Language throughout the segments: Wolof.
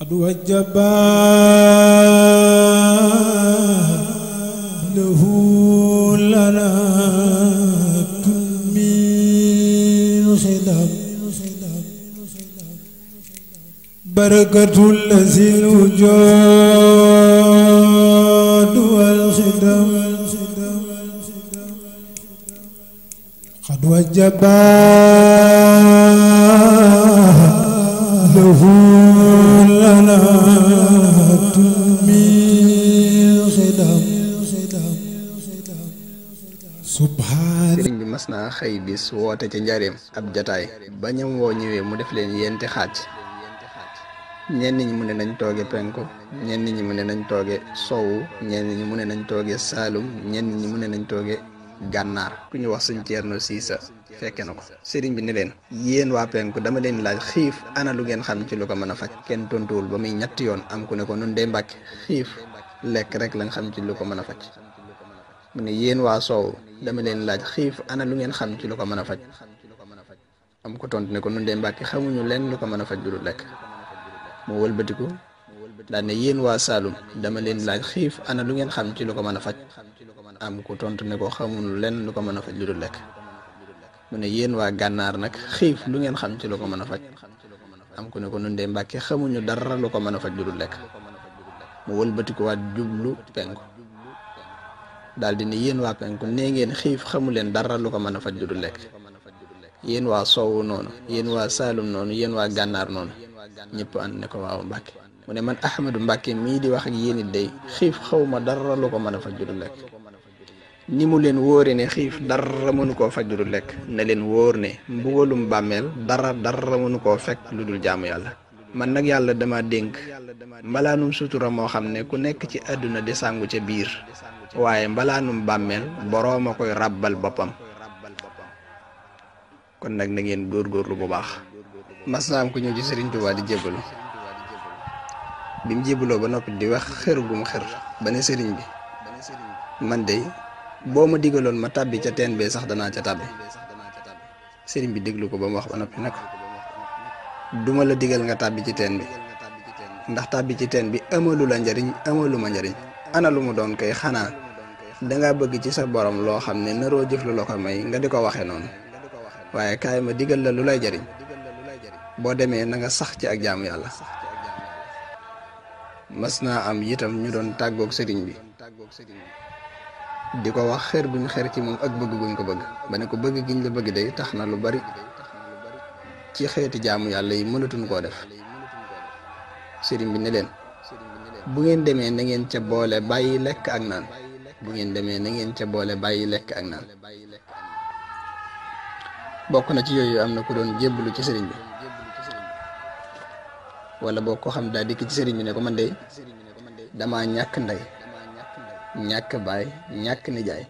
قد وجبا له لنا من خدم بركة الذين الوجود والخدم قد وجبا sëriñ bi mas naa xëy bis woote ca njareem ab jataay ba ñam woo ñëwee mu def leen yenti xaaj ñenn ñi mu ne nañ tooge penku ñenn ñi mu ne nañ tooge sowu ñenn ñi mu ne nañ tooge saalum ñenn ñi mu ne nañ tooge gànnaar ku ñu wax suñ ceerno siisa fekke na ko seriñ bi ne leen yéen waa penku dama leen laaj xiif ana lu ngeen xam ci lu ko mën a faj kenn tontuwul ba muy ñetti yoon am ku ne ko nun dee mbàkke xiif lekk rek lañ xam ci lu ko mën a faj mu ne yéen waa soow dama leen laaj xiif ana lu ngeen xam ci lu ko mën a faj am ko tont ne ko nun de mbàkki xamuñu leen lu ko mën a faj lu lekk mu wëlbatiku daal ne yéen waa Saalum dama leen xiif ana lu ngeen xam ci lu ko mën a faj am ku tontu ne ko xamuñu leen lu ko mën a faj lu lekk mu ne yéen waa gànnaar nag xiif lu ngeen xam ci lu ko mën a faj am ku ne ko nun de mbàkki xamuñu dara lu ko mën a faj lu lekk mu wëlbatikuwaat jublu penku daal di ne yéen waa penku nee ngeen xiif xamu leen dara lu ko man a faj lu du lekk yéen waa soowu noonu yéen waa saalum noonu yéen waa gànnaar noonu ñëpp ànd ne ko waaw Mbàkke mu ne man Ahmadu Mbàkke mii di wax ak yéen it day xiif xawma dara lu ko mën a faj lu du lekk ni mu leen wóore ne xiif dara mënu koo faj lu dul lekk na leen wóor ne mbugalum bàmmeel dara dara mënu koo fekk lu dul jàmm yàlla man nag yàlla dama dénk mbalaanum sutura moo xam ne ku nekk ci àdduna di sàngu ca biir waye mbala num bammel boroma koy ràbbal bopam kon nak na ngeen lu bu baax masnam ku ñëw ci serigne touba di jébalu bim mu ba nopi di wax xër gum mu xër ba ne serigne bi man day boo ma ma tabbi ca ten be sax dana ca tabbi serigne bi deglu ko ba wax ba nopi nak duma la digal nga tabbi ci ten bi ndax tabbi ci ten bi amalu la njariñ amalu ma njariñ ana lu mu doon kay xanaa dangaa bëgg ci sa borom loo xam ne naroo jëf lu la ko may nga di ko waxe noonu waaye kaay ma digal la lu lay jariñ boo demee na nga sax ci ak jaamu yàlla mas naa am itam ñu doon tàggoog sëriñ bi di ko wax xer guñ xer ci moom ak bëgg ko bëgg ba ne ko bëgg giñ bëgg day tax na lu bari ci xeeti yàlla yi mënatuñ koo def sëriñ bi ne leen bu ngeen demee na ngeen ca boole bàyyi lekk ak naan bu ngeen demee na ngeen ca boole bàyyi lekk ak naan bokk na ci yooyu am na ku doon jébbalu ci sëriñ bi wala boo ko xam daa dikk ci sëriñ bi ne ko man de damaa ñàkk ndey ñàkk baay ñàkk nijaay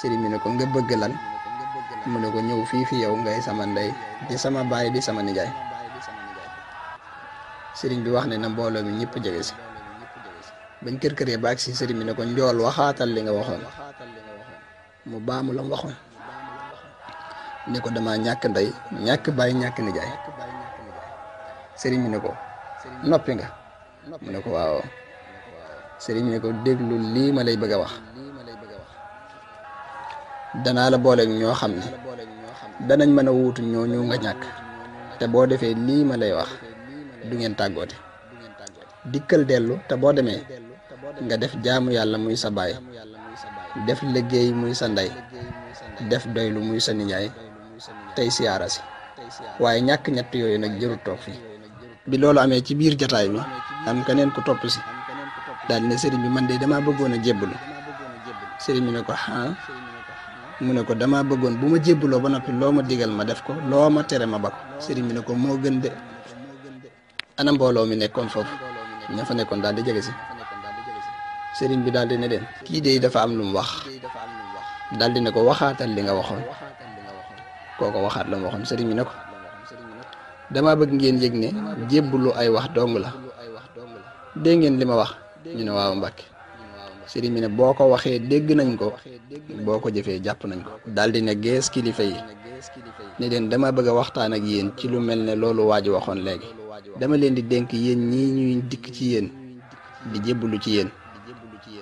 sëriñ bi ne ko nga bëgg lan mu ne ko ñëw fii fi yow ngay sama ndey di sama baay di sama nijaay sëriñ bi wax ne na mbooloo mi ñëpp jege si bañ kër këree ba ak si sëriñ bi ne ko njool waxaatal li nga waxoon mu baamu la mu waxoon ne ko dama ñàkk ndey ñàkk bàyyi ñàkk nijaay sëriñ bi ne ko noppi nga mu ne ko waaw sëriñ bi ne ko déglu lii ma lay bëgg a wax danaa la booleeg ñoo xam ne danañ mën a wuutu ñoo ñu nga ñàkk te boo defee lii ma lay wax du ngeen tàggoote dikkal dellu te boo demee nga def jaamu yàlla muy sa baay def liggéey muy sa ndey def doylu muy sa nijaay tey siyaara si waaye ñàkk ñett yooyu nag jëru toog fii bi loolu amee ci biir jataay bi am keneen ku topp si daal ne sëriñ bi man de damaa bëggoon a jébbalu sëriñ bi ne ko ah? mu ne ko damaa bëggoon bu ma jébbaloo ba noppi loo ma digal ma def ko loo ma tere ma ba ko sëriñ bi ne ko moo gën de ana mbooloo mi nekkoon foofu ña fa nekkoon daal di jege si sëriñ bi daal di ne leen kii de dafa am lu mu wax daal ne ko waxaatal li nga waxoon kooko waxaat la mu waxoon sëriñ bi ne ko dama bëgg ngeen yëg ne jébbulu ay wax dong la dégg ngeen li ma wax ñu ne waaw Mbàkke sëriñ bi ne boo ko waxee dégg nañ ko boo ko jëfee jàpp nañ ko daal di ne gees kilifa yi ne leen dama bëgg a waxtaan ak yéen ci lu mel ne loolu waa waxoon léegi dama leen di dénk yéen ñii ñuy dikk ci yéen di jébbalu ci yéen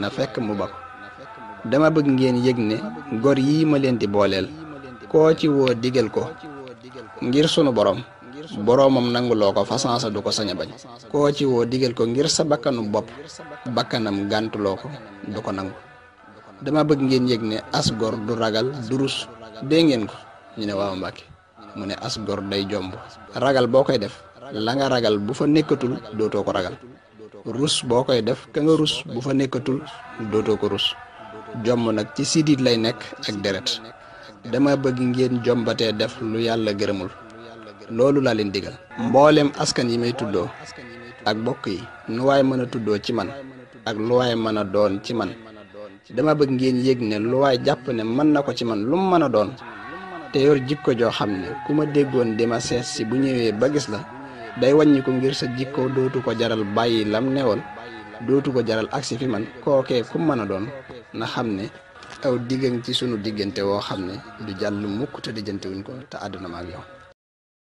na fekk mu ba dama bëgg ngeen yëg ne gor yi ma leen di booleel koo ci woo digal ko ngir sunu borom boroomam loko ko fasansa du ko sañ bañ koo ci woo digal ko ngir sa bakkanu bopp bakkanam gàntuloo ko du ko nangu dama bëgg ngeen yëg ne as gor du ragal durus dee ngeen ko ñu ne waaw Mbàkke mu ne as gor day jomb ragal boo koy def la nga ragal bu fa nekkatul dootoo ko ragal ruus boo koy def ka nga rus bu fa nekkatul dootoo ko rus jomm nag ci sidit lay nekk ak deret dama bëgg ngeen jombatee def lu yàlla gërëmul loolu laa leen digal mboolem askan yi may tuddoo ak bokk yi nu waaye mën a tuddoo ci man ak lu waay mën a doon ci man dama bëgg ngeen yëg ne lu waaye jàpp ne mën na ko ci man lu mu mën a doon te yor jikko joo xam ne ku ma déggoon di ma seet si bu ñëwee ba gis la day wàññi ngir sa jikko dootu ko jaral bàyyi lam newoon dootu ko jaral agsi fi man kookee ku mën a doon na xam ne aw diggan ci sunu diggante woo xam ne du jàll mukk te lijjantewuñ ko te àdduna ma ak yow